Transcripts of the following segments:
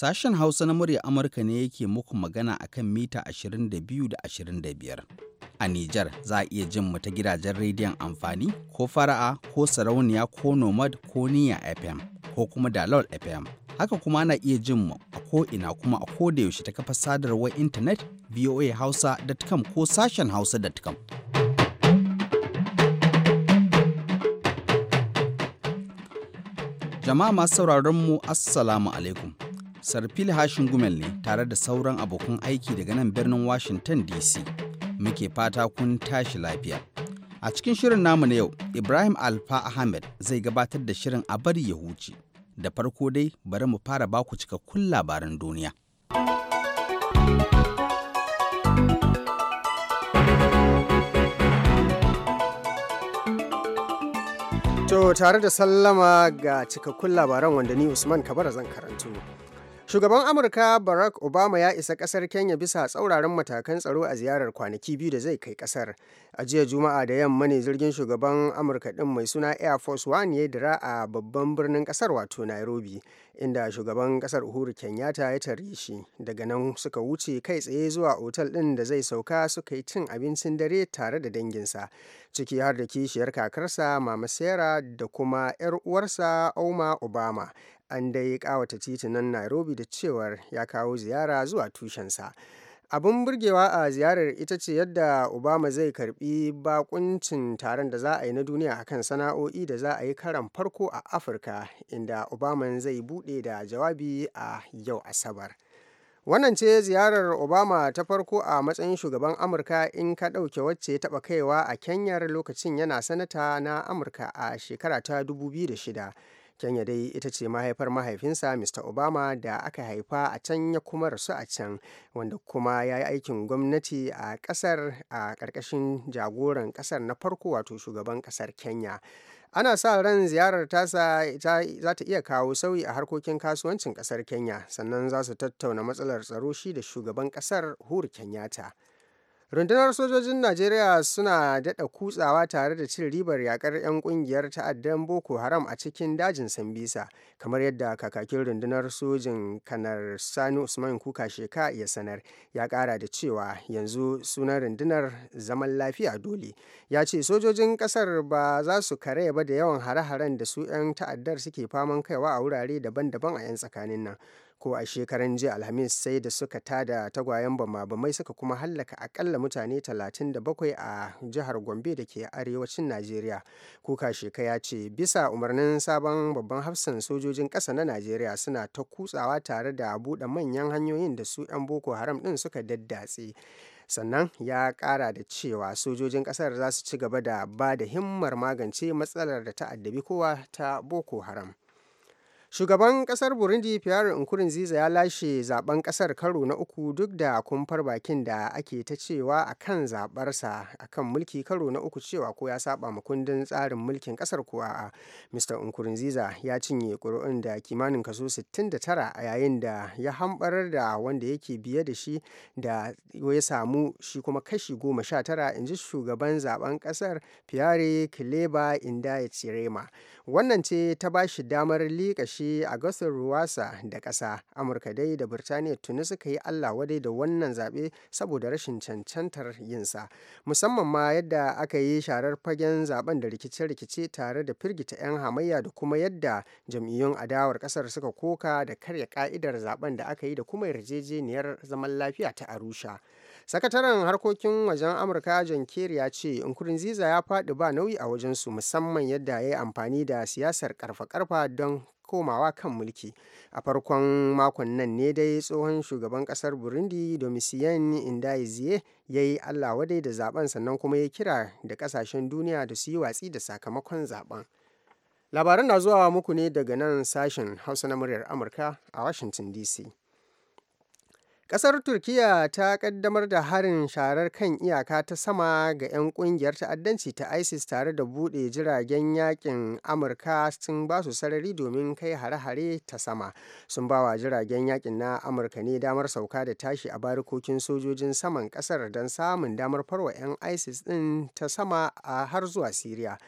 Sashen Hausa na murya Amurka ne yake muku magana a kan mita 22 da 25. A Nijar za a iya jin mu ta gidajen rediyon amfani ko fara'a ko sarauniya ko nomad ko niya FM ko kuma dalol FM. Haka kuma ana iya jin mu a ko ina kuma a ko da yaushe ta kafa sadarwar intanet voahausa.com ko sashen hausa.com. Jama'a masu sauraron mu Assalamu alaikum. sarfil hashin gumel ne tare da sauran abokan aiki daga nan birnin washington dc muke fata kun tashi lafiya a cikin shirin namu na yau ibrahim alfa ahmed zai gabatar da shirin a bari ya huce da farko dai bari mu fara baku cikakkun labaran duniya To tare da sallama ga cikakkun labaran wanda ni Usman Kabara zan karanto. Shugaban Amurka Barack Obama ya isa kasar Kenya bisa tsauraran matakan tsaro a ziyarar kwanaki biyu da zai kai kasar. A jiya Juma'a da yamma ne zirgin shugaban Amurka din mai suna Air Force One ya dira a babban birnin kasar wato Nairobi, inda shugaban kasar Uhuru Kenyatta ya tare shi. Daga nan suka wuce kai tsaye zuwa otal din da zai sauka suka yi cin abincin dare tare da danginsa, ciki har da kishiyar kakarsa Mama Sarah da kuma 'yar uwarsa Oma Obama. an dai kawata titunan nairobi da cewar ya kawo ziyara zuwa tushensa abin burgewa a ziyarar ita ce yadda obama zai karbi bakuncin taron da za a yi na duniya akan sana'o'i da za a yi karan farko a afirka inda obama zai bude da jawabi a yau asabar wannan ce ziyarar obama ta farko a matsayin shugaban amurka in ka ɗauke wacce ya taɓa kaiwa a kenyar lokacin yana sanata na amurka a shekara ta 2006 Kenya dai ita ce mahaifar mahaifinsa Mr. Obama da aka haifa a can ya kuma rasu a can wanda kuma ya yi aikin gwamnati a ƙasar a ƙarƙashin jagoran ƙasar na farko wato shugaban ƙasar Kenya. ana sa ran ziyarar tasa za ta iya kawo sauyi a harkokin kasuwancin kasar kenya sannan za su tattauna matsalar tsaro shi da shugaban kasar hur kenyatta Rundunar sojojin Najeriya suna daɗa kutsawa tare da cin ribar yaƙar 'yan ƙungiyar ta'addan Boko Haram a cikin dajin Sambisa, kamar yadda kakakin rundunar sojin Kanar Sani Usman Kuka Sheka ya sanar. Ya ƙara da cewa yanzu sunan rundunar zaman lafiya dole. Ya ce sojojin ƙasar ba za su kare ba da yawan hare-haren da su 'yan ta'addar suke faman kaiwa a wurare daban-daban a 'yan tsakanin nan. ko a shekaran jiya alhamis sai da suka tada tagwayen bama-bamai suka kuma hallaka akalla mutane 37 a jihar gombe da ke arewacin najeriya kuka sheka ya ce bisa umarnin sabon babban hafsan sojojin ƙasa na najeriya suna ta kutsawa tare da buɗe manyan hanyoyin da su 'yan boko haram ɗin suka daddatse sannan ya ƙara da cewa sojojin ƙasar za su ci gaba da ba da himmar magance matsalar da ta addabi kowa ta boko haram Shugaban kasar Burundi Pierre Nkurunziza ya lashe zaben kasar karo na uku duk da kumfar bakin da ake ta cewa a kan zabarsa a kan mulki karo na uku cewa ko ya saba ma kundin tsarin mulkin kasar kuwa a Mr. Nkurunziza ya cinye ƙuri'un da kimanin kaso 69 a yayin da ya hambarar da wanda yake biye da shi da ya samu shi kuma kashi goma sha tara in ji shugaban zaben kasar Pierre Kileba Inda Cirema. Wannan ce ta bashi damar liƙa shi shi a gasar ruwasa da ƙasa amurka dai da birtaniya tuni suka yi allah wadai da wannan zaɓe saboda rashin cancantar yinsa musamman ma yadda aka yi sharar fagen zaben da rikice-rikice tare da firgita 'yan hamayya da kuma yadda jam'iyyun adawar ƙasar suka koka da karya ka'idar zaben da aka yi da kuma yarjejeniyar zaman lafiya ta arusha sakataren harkokin wajen amurka john kerry ya ce nkurunziza ya faɗi ba nauyi a wajensu musamman yadda ya yi amfani da siyasar karfa-karfa don komawa kan mulki a farkon makon nan ne dai tsohon shugaban kasar burundi domisiyan indaiziye ya yi allah wadai da zaben sannan kuma ya kira da kasashen duniya da su yi watsi da sakamakon zaben labaran na zuwa muku ne daga nan sashen hausa na muryar amurka a washington dc Ƙasar Turkiyya ta ƙaddamar da harin sharar kan iyaka ta sama ga 'yan ƙungiyar ta'addanci ta ISIS tare da buɗe jiragen yakin Amurka sun ba su sarari domin kai hare-hare ta sama. Sun ba wa jiragen yakin na Amurka ne damar sauka da tashi a barikokin sojojin saman ƙasar don samun damar farwa 'yan ISIS ɗin ta sama a har zuwa Siriya.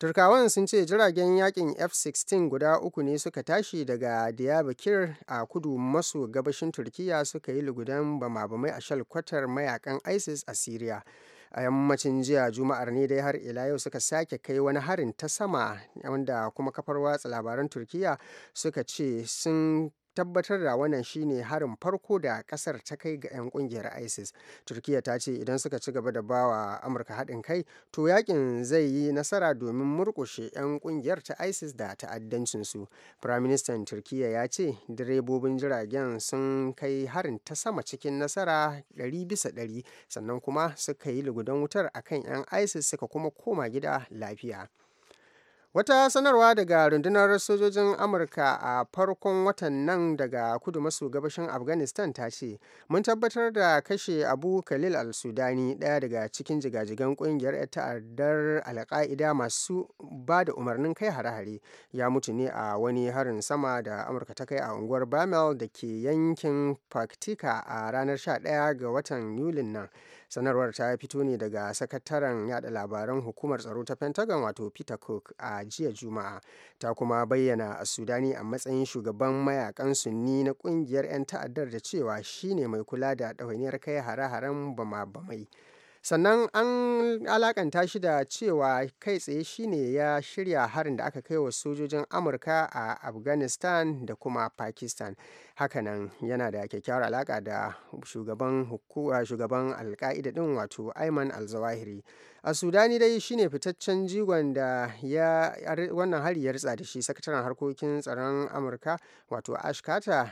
turkawan sun ce jiragen yakin f-16 guda uku ne suka tashi daga diyabakir a kudu maso gabashin turkiya suka yi lugudan bama-bamai a shalkwatar mayakan isis a syria a yammacin jiya juma'ar ne dai har ila yau suka sake kai wani harin ta sama wanda kuma kafar watsa labaran turkiya suka ce sun tabbatar da wannan shine harin farko da kasar ta kai ga 'yan kungiyar isis turkiya ta ce idan suka ci gaba da bawa amurka haɗin kai to yakin zai yi nasara domin murkushe 'yan kungiyar ta isis da ta'addancinsu firaministan turkiya ya ce direbobin jiragen sun kai harin ta sama cikin nasara 100 bisa 100 sannan kuma suka yi lugudan wutar akan 'yan isis suka kuma koma gida lafiya Wata sanarwa daga rundunar sojojin Amurka a farkon watan nan daga kudu maso gabashin Afghanistan ta ce, Mun tabbatar da kashe Abu Khalil al-Sudani ɗaya daga cikin jigajigan ƙungiyar 'yan ta'addar Alka'ida masu ba da umarnin kai hare-hare ya mutu ne a wani harin sama da Amurka ta kai a unguwar Bamel da ke yankin Paktika a ranar 11 ga watan Yulin nan. sanarwar ta fito ne daga sakataren yada labaran hukumar tsaro ta pentagon wato peter cook a jiya juma'a ta kuma bayyana a sudani a matsayin shugaban mayakan sunni na kungiyar 'yan ta'addar da cewa shine mai kula da ɗawainiyar kai hare-haren bama-bamai sannan an alakanta shi da cewa kai tsaye shine ya shirya harin da aka kai wa sojojin amurka a afghanistan da kuma pakistan hakanan yana da kyakkyawar alaka da shugaban alka'ida din wato ayman alzawahiri. a sudani dai shine fitaccen jigon da ya wannan hari ya ritsa da shi sakataren harkokin tsaron amurka wato ash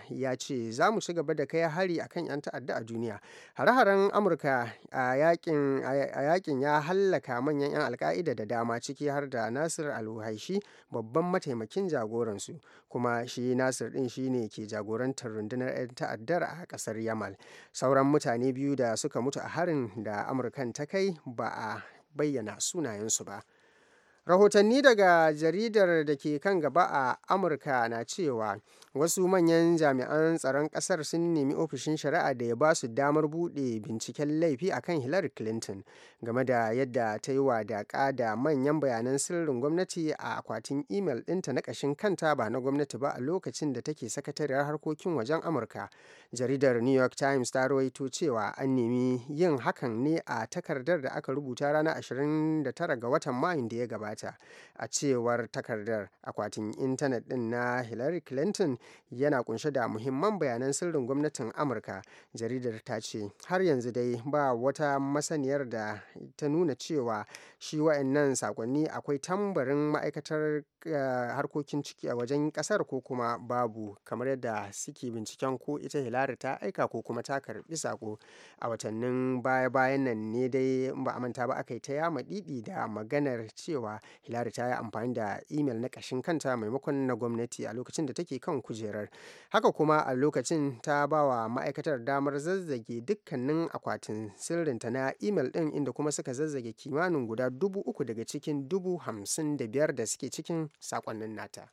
ya ce za mu ci gaba da kai hari akan 'yan ta'adda a duniya hare-haren amurka a yakin ya hallaka manyan 'yan alka'ida da dama ciki har da nasir alhaishi babban mataimakin jagoransu kuma shi nasir din shine ke jagorantar rundunar 'yan ta'addar a kasar yamal sauran mutane biyu da suka mutu a harin da amurkan ta kai ba a bayyana sunayensu ba. rahotanni daga jaridar da ke kan gaba a amurka na cewa wasu manyan jami'an tsaron kasar sun nemi ofishin shari'a da ya ba su damar buɗe binciken laifi akan hillary clinton game da yadda ta yi wadaƙa da manyan bayanan sirrin gwamnati a akwatin imel ɗinta na ƙashin kanta ba na gwamnati ba a lokacin da take sakatariyar harkokin wajen amurka jaridar new york times ta rawaito cewa an nemi yin hakan ne a takardar da aka rubuta ranar 29 ga watan mayun da ya gabata gabata a cewar takardar akwatin intanet ɗin na hillary clinton yana kunshe da muhimman bayanan sirrin gwamnatin amurka jaridar ta ce har yanzu dai ba wata masaniyar da ta nuna cewa shi wa'annan sakonni akwai tambarin ma'aikatar eh, harkokin ciki a wajen kasar ko kuma babu kamar yadda suke binciken ko ita hilari ta aika ko kuma ta karbi sako a watannin baya-bayan nan ne dai ba a manta ba aka yi ta yama didi da maganar cewa hilari ta yi amfani da imel na ƙashin kanta maimakon na gwamnati a lokacin da take kan kujerar. Haka kuma a lokacin ta ba wa ma'aikatar damar zazzage dukkanin akwatin sirrinta na imel ɗin inda kuma suka zazzage kimanin guda dubu uku daga cikin dubu hamsin da biyar da suke cikin saƙonnin nata.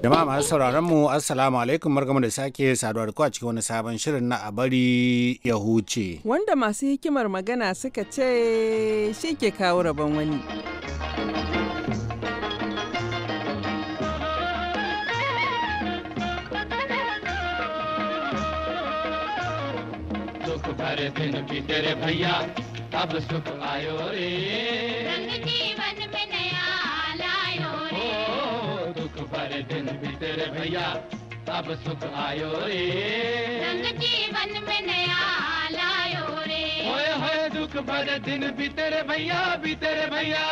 Jama'a masu sauraron mu Assalamu alaikum bar da sake saduwa da ku a cikin wani sabon shirin na a bari ya huce. Wanda masu hikimar magana suka ce shi ke kawo rabon wani. तेरे भैया सब सुख आयो रे रंग जीवन में नया लायो रे होए होए दुख भरे दिन भी तेरे भैया भी तेरे भैया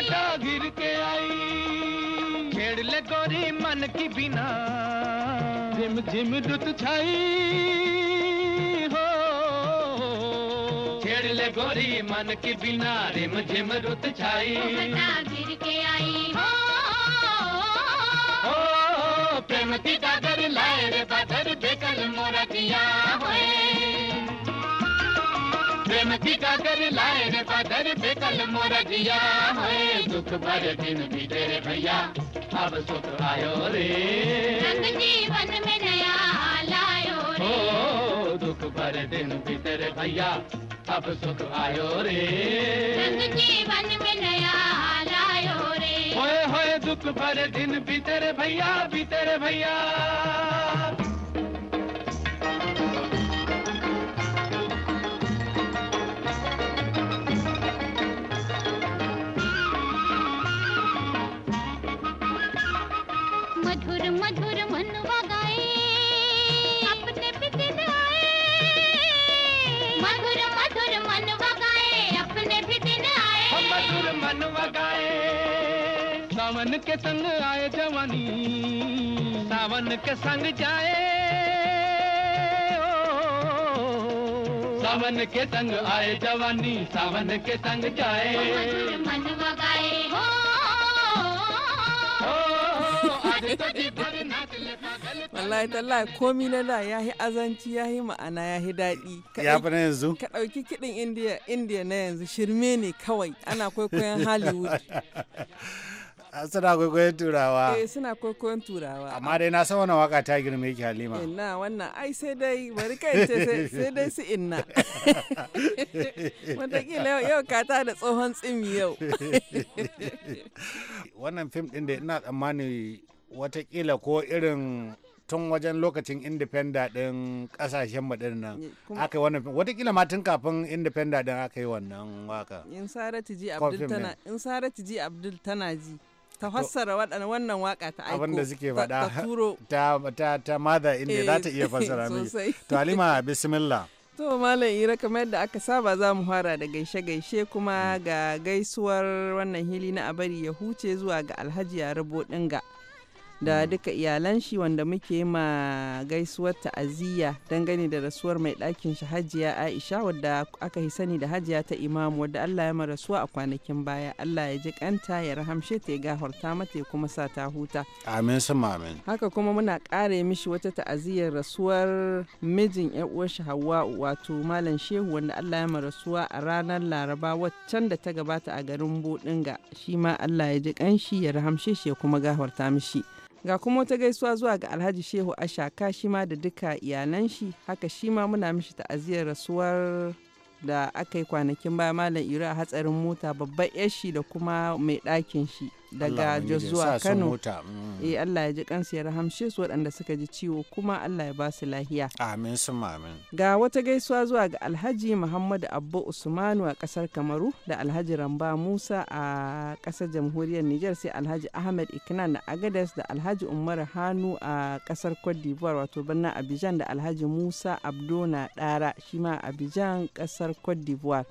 घटा घिर के आई खेड़ ले गोरी मन की बिना जिम जिम दुत छाई हो छेड़ ले गोरी मन की बिना रिम झिम रुत छाई घटा के आई हो प्रेम की डगर लाए रे बादर बेकर मोरा किया होए मन फीका कर लाए रे बादर पे कल जिया है दुख भरे दिन भी तेरे भैया अब सुख आयो रे जीवन में नया लायो रे दुख भरे दिन बीते रे भैया अब सुख आयो रे जीवन में नया लायो रे होए होए दुख भरे दिन बीते रे भैया बीते रे भैया के संग आए जवानी सावन के संग जाए ओ सावन के संग आए जवानी सावन के संग जाए मन गाए हो wallahi tallahi komi na da ya yi azanci ya yi ma'ana ya yi daɗi ya fi na yanzu ka ɗauki kiɗin indiya na yanzu shirme ne kawai ana kwaikwayon hollywood suna kwaikwayon turawa eh suna kwaikwayon turawa amma dai na san wannan waka ta girme ki halima inna wannan ai sai dai bari kai ce sai dai su inna wataƙila yau ka ta da tsohon tsimi yau wannan fim din da ina tsammani watakila ko irin tun wajen lokacin independent din kasashen madin nan aka yi wannan watakila ma tun kafin independent din aka yi wannan waka in saratu ji abdul tana ji ta fassara wannan waka ta aiko abinda suke faɗa ta ta mada inda za ta iya eh, fassara miki to alima bismillah To Malam Ira kamar yadda aka saba za mu fara da gaishe-gaishe kuma mm. ga gaisuwar wannan hili na abari ya huce zuwa ga Alhaji ya Yarabo Dinga da duka iyalan shi wanda muke ma gaisuwar ta'aziyya dangane da rasuwar mai ɗakin shi hajiya aisha wadda aka yi sani da hajiya ta imamu wadda allah ya mara rasuwa a kwanakin baya allah ya ji kanta ya rahamshe ta ya gafarta mata ya kuma sa ta huta amin sama amin haka kuma muna ƙara mishi wata ta'aziyyar rasuwar mijin yar uwar shi hawa wato malam shehu wanda allah ya mara rasuwa a ranar laraba waccan da ta gabata a garin bodinga shi ma allah ya ji kanshi ya rahamshe shi ya kuma gafarta mishi Ga kuma wata gaisuwa zuwa ga Alhaji Shehu Ashaka shi ma da duka iyalan shi haka shi ma muna mishi ta'aziyar rasuwar da aka yi kwanakin baya Malam Iro a hatsarin mota babban yashi da kuma mai ɗakin shi daga Joshua Kano. Mm. Eh Allah ya ji kansu ya rahamshe su waɗanda suka ji ciwo kuma Allah ya ba su lahiya. Amin sun amin. Ga wata gaisuwa zuwa ga Alhaji Muhammadu Abba Usmanu a ƙasar Kamaru da Alhaji Ramba Musa a ƙasar Jamhuriyar Nijar sai Alhaji Ahmed Iknan na Agadez da Alhaji Umar Hanu a ƙasar Cote d'Ivoire wato birnin Abidjan da Alhaji Musa Abdona Dara shi ma Abidjan ƙasar Cote d'Ivoire.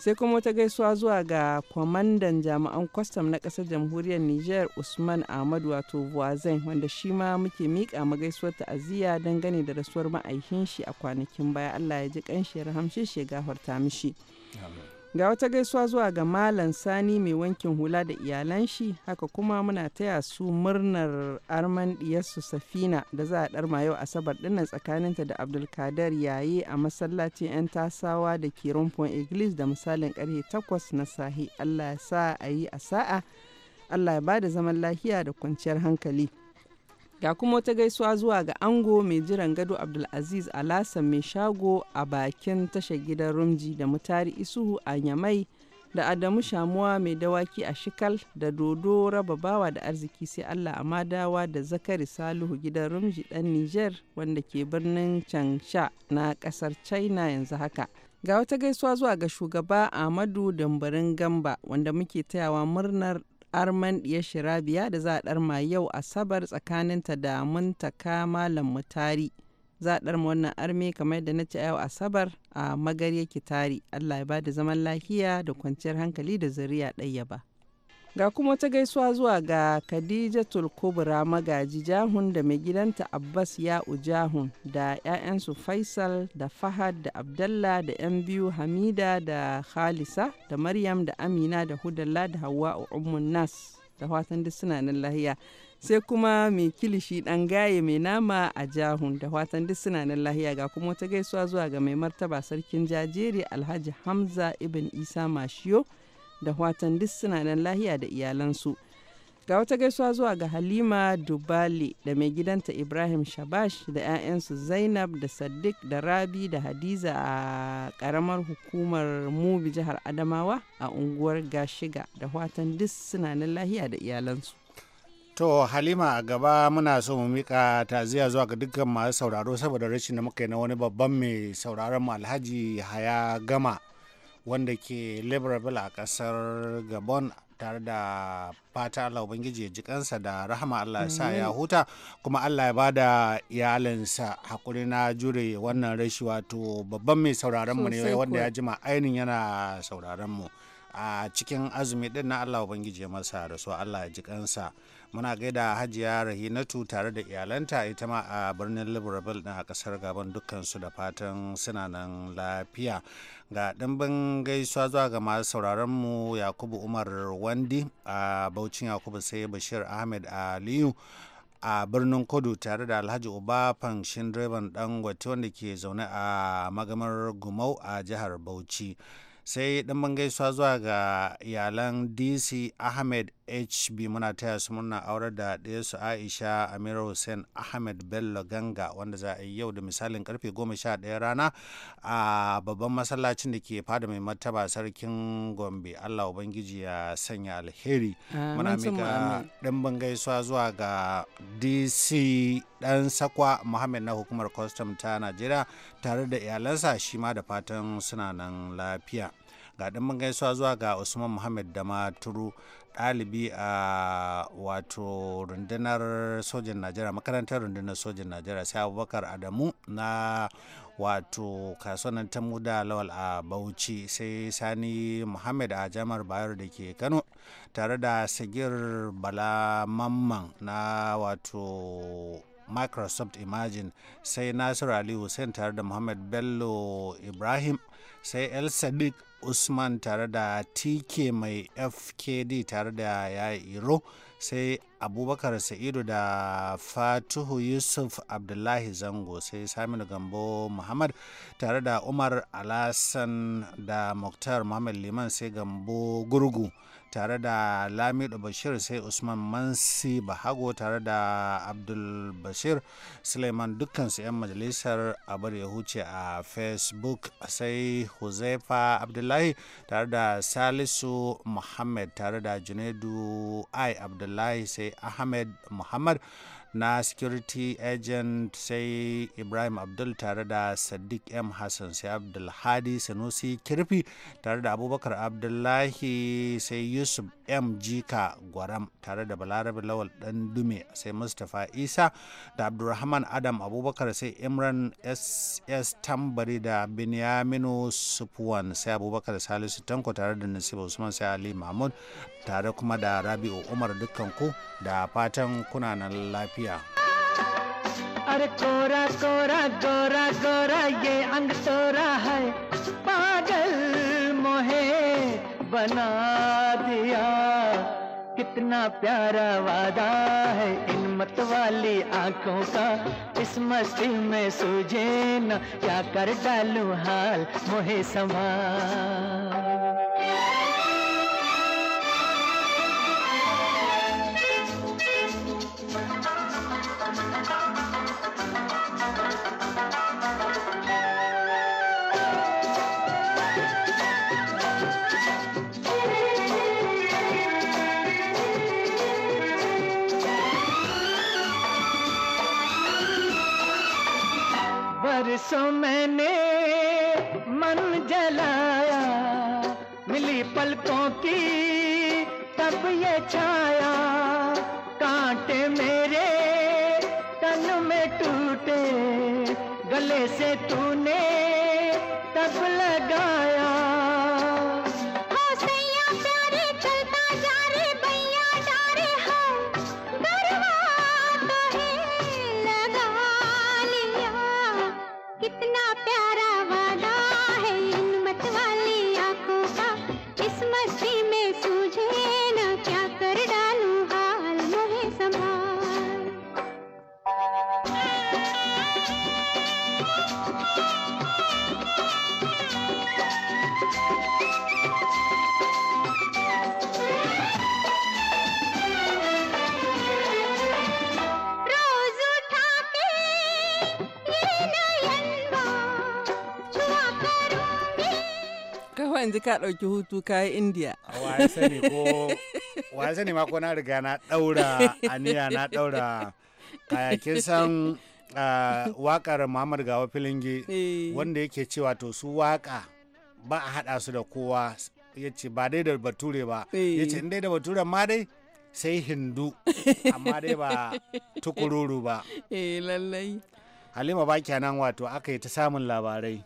sai kuma wata gaisuwa zuwa ga kwamandan jami'an kwastam na ƙasar jamhuriyar niger usman ahmad wato buwazen wanda shi ma muke miƙa ma gaisuwar ta'aziyya dangane da rasuwar ma'aikin shi a kwanakin baya allah ya ji kanshi ya rahamshe shi ya mishi Ga wata gaisuwa zuwa ga Malam Sani mai wankin hula da iyalan shi, haka kuma muna taya su murnar arman diyarsu Safina da za a darma yau Asabar dinnan tsakaninta da Abdulkadir yayi a masallacin 'yan tasawa da ke rumfon Iglis da misalin karfe 8 na sahi. Allah ya sa a yi a sa'a, Allah ya ba da zaman lafiya da kwanciyar hankali. Ga kuma wata gaisuwa zuwa ga ango mai jiran gado Abdulaziz Alasan mai shago a bakin tashar gidan Rumji da mutari Isuhu a nyamai da Adamu Shamuwa mai dawaki a Shikal da Dodo raba bawa da arziki sai Allah a Madawa da Zakari Salihu gidan Rumji dan Niger wanda ke birnin Changsha na kasar China yanzu haka. Ga wata gaisuwa zuwa ga shugaba amadu Dambarin Gamba wanda muke tayawa murnar arman diyar shirabiya da za a ɗarma yau asabar tsakaninta da muntaka malam mutari za a ɗarma wannan arme kamar da na ci yau asabar a magarya tari allah ya ba da zaman lafiya da kwanciyar hankali da zuriya ɗaya ba Ga kuma ta gaisuwa zuwa ga Khadija tulkubra magaji Jahun da mai gidanta Abbas Ya'u Jahun da 'ya'yansu Faisal da Fahad da Abdallah da 'yan biyu Hamida da Khalisa da Maryam da Amina da Hudalla da Hawwa Ummun Nas da fatan duk suna nan lahiya. sai kuma mai kilishi dan gaye mai nama a jahun da watan duk suna nan lahiya ga kuma wata gaisuwa zuwa ga mai martaba sarkin jajiri alhaji hamza ibn isa mashiyo da watan duk suna nan lahiya da iyalansu. Ga wata gaisuwa zuwa ga Halima dubali da mai gidanta Ibrahim Shabash da 'ya'yansu Zainab da Sadiq da Rabi da Hadiza a karamar hukumar Mubi jihar Adamawa a unguwar Gashiga da watan duk suna nan lahiya da iyalansu. To Halima a gaba muna so mu mika taziya zuwa ga dukkan masu sauraro saboda rashin da muka yi na wani babban mai sauraron mu Alhaji Haya Gama wanda ke libreville a kasar gabon tare da fata Allah Ubangiji ya ji kansa da rahama Allah ya sa ya huta kuma Allah ya bada iyalinsa hakuri na jure wannan rashi wato babban mai sauraron mu ne wanda ya jima ainin yana sauraron mu a cikin azumi din na Allah Ubangiji ya masa da so Allah ya ji kansa muna gaida hajiya rahinatu tare da iyalanta ita ma a birnin din a kasar gaban dukkan su da fatan suna nan lafiya ga ɗimbin gaisuwa zuwa ga masu sauraron mu yakubu umar wandi a baucin yakubu sai bashir ahmed aliyu a birnin kudu tare da alhaji uba fanshin direban dangote wanda ke zaune a magamar gumau a jihar bauchi sai dan bangaisuwa zuwa ga iyalan dc ahmed hb muna taya su muna aurar da ɗaya su aisha amira hussein ahmed bello ganga wanda za a yi yau da misalin karfe goma sha 11 rana a babban masallacin da ke fada mai mataba sarkin gombe allah ubangiji ya sanya alheri muna mika dan bangaisuwa zuwa ga dc dan sakwa muhammad na hukumar kwastam ta najeriya tare da iyalansa shima da fatan suna nan lafiya ga mun gaisuwa zuwa ga usman muhammad da maturu ɗalibi a wato rundunar sojin najeriya makarantar rundunar sojin najeriya sai abubakar adamu na wato kasuwanin ta muda lawal a bauchi sai sani muhammad a jamar bayar da ke kano tare da sigir bala mamman na wato microsoft imagine sai nasiru ali hussein tare da muhammad bello ibrahim sai el sadiq usman tare da tk mai fkd tare da ya Iro sai abubakar sa'idu da fatuhu yusuf abdullahi zango sai saminu gambo muhammad tare da umar alasan da muktar muhammad liman sai gambo gurgu tare da lamido bashir sai usman mansi bahago tare da abdul bashir suleiman dukkansu 'yan majalisar abar ya huce a facebook sai huzaifa abdullahi tare da salisu muhammad tare da junaidu ai abdullahi sai ahmed muhammad na security agent sai ibrahim abdul tare da sadiq m hassan sai abdulhadi sanusi kirfi tare da abubakar abdullahi sai yusuf m jika gwaram tare da balarabe lawal dan dume sai mustapha isa da abdulrahman adam abubakar sai imran ss tambari da binyaminu sufuwan sai abubakar salisu tanko tare da nasiba usman sai ali mahmud tare kuma da rabi'u umar dukkan ku da fatan kuna nan lafiya किया अरे कोरा कोरा गोरा गोरा ये अंग तोरा है पागल मोहे बना दिया कितना प्यारा वादा है इन मत वाली आंखों का इस मस्ती में सूझे न क्या कर डालू हाल मोहे समा की तब ये छाया कांटे मेरे तन में टूटे गले से तूने तब लगाया कितना प्यारा वादा है इन मत वाली आंखों का किस्मत ka ɗauki hutu ka yi indiya wa sani na riga na ɗaura aniya na ɗaura kayakin san wakar muhammad gawa filingi eh. wanda yake cewa to su waka ba a haɗa su da kowa ya ce ba dai da bature ba eh. ya ce dai da bature ma dai sai hindu amma dai ba tukururu ba eh, halima ba kenan wato aka yi ta samun labarai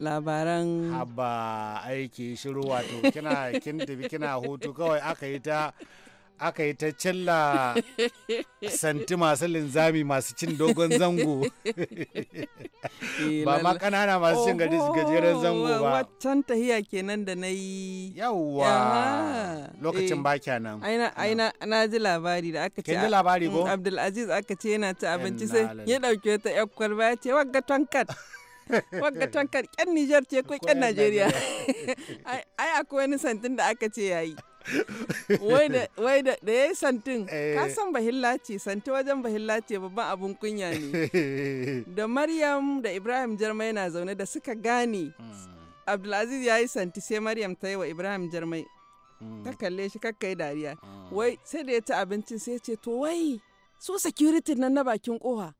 labaran haba aiki shiru wato kina kin tafi kina hutu kawai aka yi ta aka yi ta cilla santi masu linzami masu cin dogon zango eh, ba ma kanana masu cin gajeren zango ba waccan tahiya kenan da na yi yawwa lokacin eh, ba kenan aina na ji labari da aka ce kin ji labari ko mm, abdulaziz aka ce yana ci abinci sai ya dauke ta yakwar ba ya ce wagga tonkat wagga tankar kyan Nijar ce ko kyan Najeriya ai akwai wani santin da aka ce yayi wai da ya yi santin eh. ka san bahillaci santi wajen bahillaci babban abun kunya ne da maryam da ibrahim jarmai na zaune da suka gane hmm. abdulaziz ya yi santi sai maryam ta yi wa ibrahim jarmai hmm. ta kalle shi kakkai dariya hmm. wai sai da ya ci abincin sai ce to wai su security nan na bakin kowa.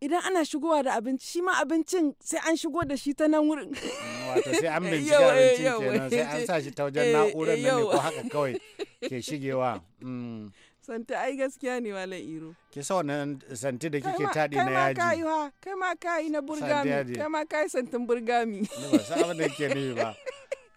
idan ana shigowa da abinci shi ma abincin sai an shigo da shi ta nan wurin mm, wato sai an bincika eh, abincin kenan sai an sa shi ta wajen eh, eh, na'urar nan ne ko haka kawai ke shigewa mm. santi ai gaskiya ne malam iro ki sa wannan santi da kike tadi na yaji kai ma kai ma kai na burgami kai ma kai santin burgami ba sa abin da kike ne ba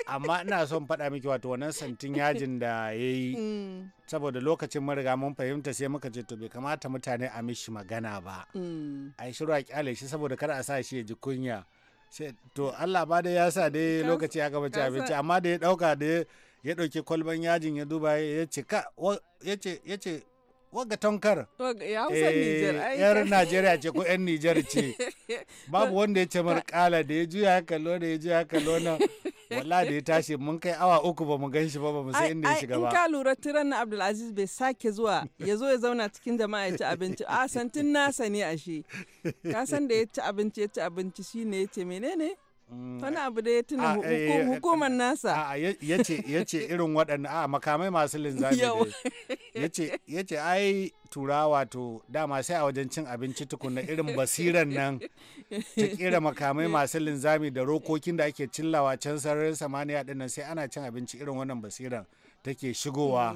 amma ina son faɗa miki wato wannan santin yajin da ya yi mm. saboda lokacin mariga mun fahimta sai muka ce to bai kamata mutane a mishi magana ba mm. a yi shiru a kyale shi saboda kar a sa shi ya ji kunya to Allah ba da ya sa dai lokaci ya gaba abinci amma da ya dauka da ya ɗauki kwalban yajin ya duba ya ce ka ya ce waga tonkar eh, yar Najeriya ce ko yan Nijar ce babu wanda ya ce kala da ya juya haka lona ya juya haka lona wala da ya tashi mun kai awa uku ba mu gan shi ba ba mu sai inda ya shiga ba in ka lura tiran na Abdulaziz bai sake zuwa ya zo ya zauna cikin jama'a ya ci abinci a san tun nasa ne ashe ka san da ya ci abinci ya ci abinci ne ya ce menene wani abu da ya tuna eh, hukumar nasa ya ce irin waɗanda a makamai masu linzami ya ce ai tura wato dama sai a wajen cin abinci tukuna irin basiran nan ta kera makamai masu linzami da rokokin da ake cillawa can sararin samaniya dinnan sai ana cin abinci irin wannan basiran take shigowa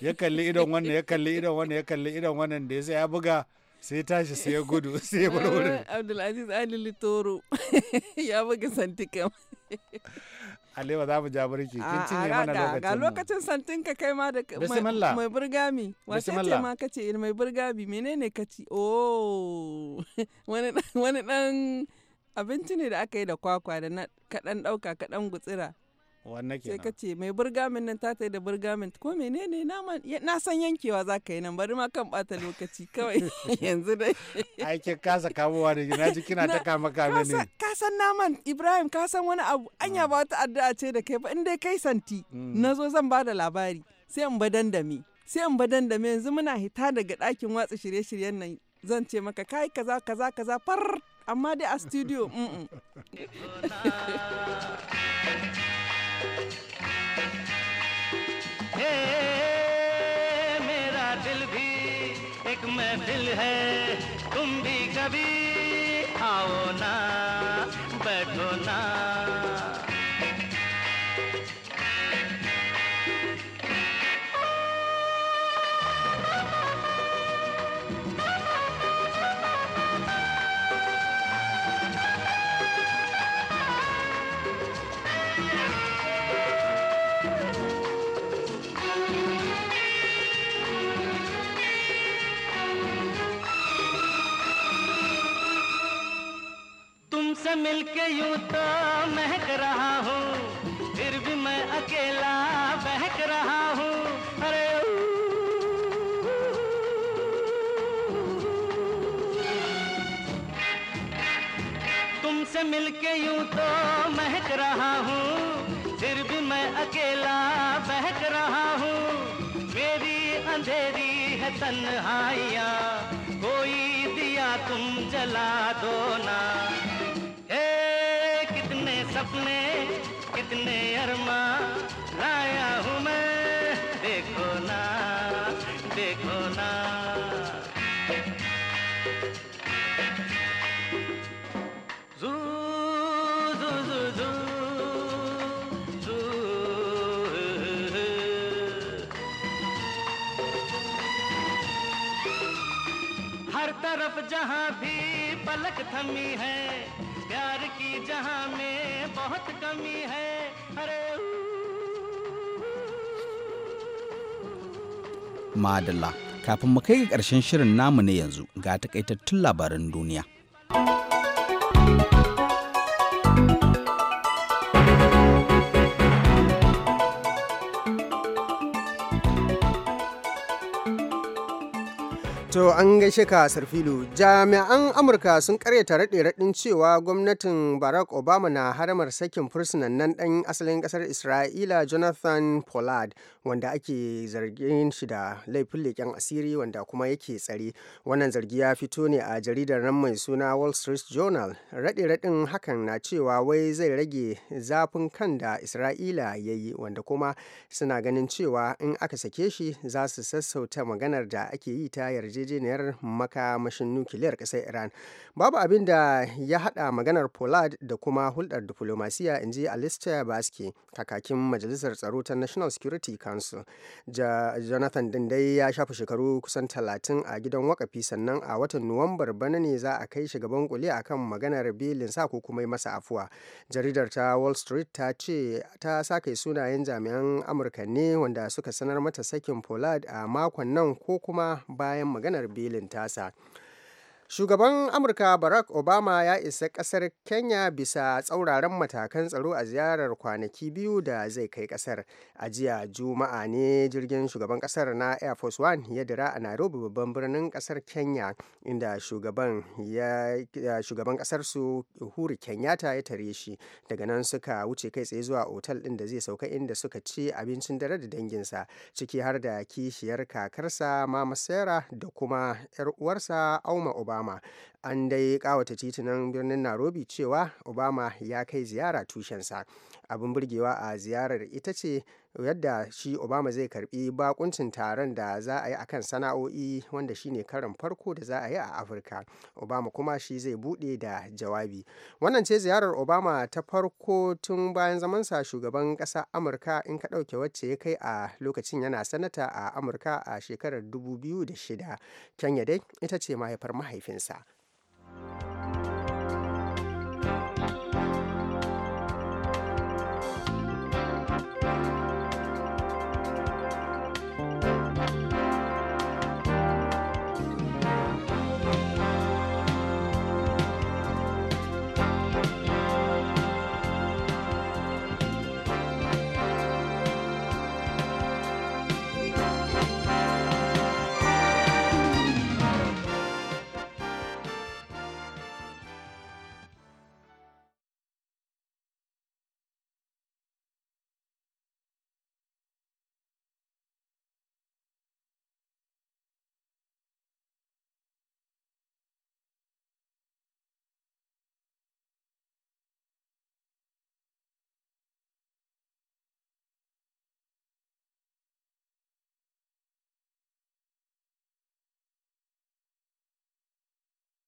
ya kalli idan wannan ya kalli idan wannan ya kalli idan wannan da ya buga sai tashi sai ya gudu sai ya bar wurin eh, abdulaziz alili toro ya buga santikam Alewa za mu ja burki kin cinye mana lokacin ga lokacin santin ka kai ma da mai burgami wace ce ma kace mai burgami menene kaci oh wani wani dan abinci ne da aka yi da kwakwa da kadan ɗauka kadan gutsira sai ka ce mai burgamin nan ta tai da burgamin ko menene na na san yankewa za ka yi nan bari ma kan bata lokaci kawai yanzu dai aiki kasa kamowa ne na ji kina ta kama kame ne ka san naman Ibrahim ka san wani abu anya mm. ba wata addu'a ce da kai ba in dai kai santi mm. na zo zan ba da labari sai in ba dandame sai in ba dandame yanzu muna hita daga ɗakin watsa shirye-shiryen nan zan ce maka kai kaza kaza kaza far amma dai a studio मेरा दिल भी एक महफिल है तुम भी कभी आओ ना बैठो ना यूं तो महक रहा हूँ फिर भी मैं अकेला बहक रहा हूँ अरे तुमसे मिलके यूं तो महक रहा हूँ फिर भी मैं अकेला बहक रहा हूँ मेरी अंधेरी है तन्हाइया कोई दिया तुम जला दो ना जहाँ भी पलक थमी है प्यार की जहाँ में बहुत कमी है अरे madalla kafin mu kai ga ƙarshen shirin namu na yanzu ga takaitattun labaran duniya. An gaishe ka Sarfilu, jami'an Amurka sun karyata raɗe-raɗin cewa gwamnatin Barack Obama na haramar sakin fursunan nan ɗan asalin ƙasar Isra'ila Jonathan Pollard wanda ake zargin shi da laifin leƙen asiri wanda kuma yake tsare. Wannan zargi ya fito ne a jaridar nan mai suna Wall Street Journal. Raɗe-raɗin hakan na cewa wai zai rage zafin kan da Isra'ila ya yi wanda kuma suna ganin cewa in aka sake shi za su sassauta maganar da ake yi ta yarjejeniyar masana'antar makamashin nukiliyar ƙasar iran babu abin da ya haɗa maganar polad da kuma hulɗar diflomasiya in ji alistair baski kakakin majalisar tsaro ta national security council ja, jonathan dindai ya shafa shekaru kusan talatin a gidan wakafi sannan a watan nuwambar bana ne za a kai shi gaban kuli kan maganar belin sa ko kuma masa afuwa jaridar ta wall street ta ce ta sake sunayen jami'an amurka ne wanda suka sanar mata sakin polad a makon nan ko kuma bayan maganar belin wakilin tasa Shugaban Amurka Barack Obama ya isa ƙasar Kenya bisa tsauraran matakan tsaro a ziyarar kwanaki biyu da zai kai ƙasar. A jiya Juma'a ne jirgin shugaban ƙasar na Air Force One ya dira a Nairobi babban birnin ƙasar Kenya inda shugaban ya shugaban ƙasar su Uhuru Kenyatta ya tare shi. Daga nan suka wuce kai tsaye zuwa otal ɗin da zai sauka inda suka ci abincin dare da danginsa ciki har da kishiyar kakarsa Mama Sarah da kuma 'yar uwarsa Auma Obama. obama an dai kawata titunan birnin narobi cewa obama ya kai ziyara tushensa abin burgewa a ziyarar ita ce yadda shi obama zai karbi bakuncin taron da za a yi a kan sana'o'i wanda shine karan farko da za a yi a afirka obama kuma shi zai bude da jawabi wannan ce ziyarar obama ta farko tun bayan zamansa shugaban ƙasa amurka in ka ɗauke wacce ya kai a lokacin yana sanata a amurka a shekarar 2006 kenya dai ita ce mahaifar mahaifinsa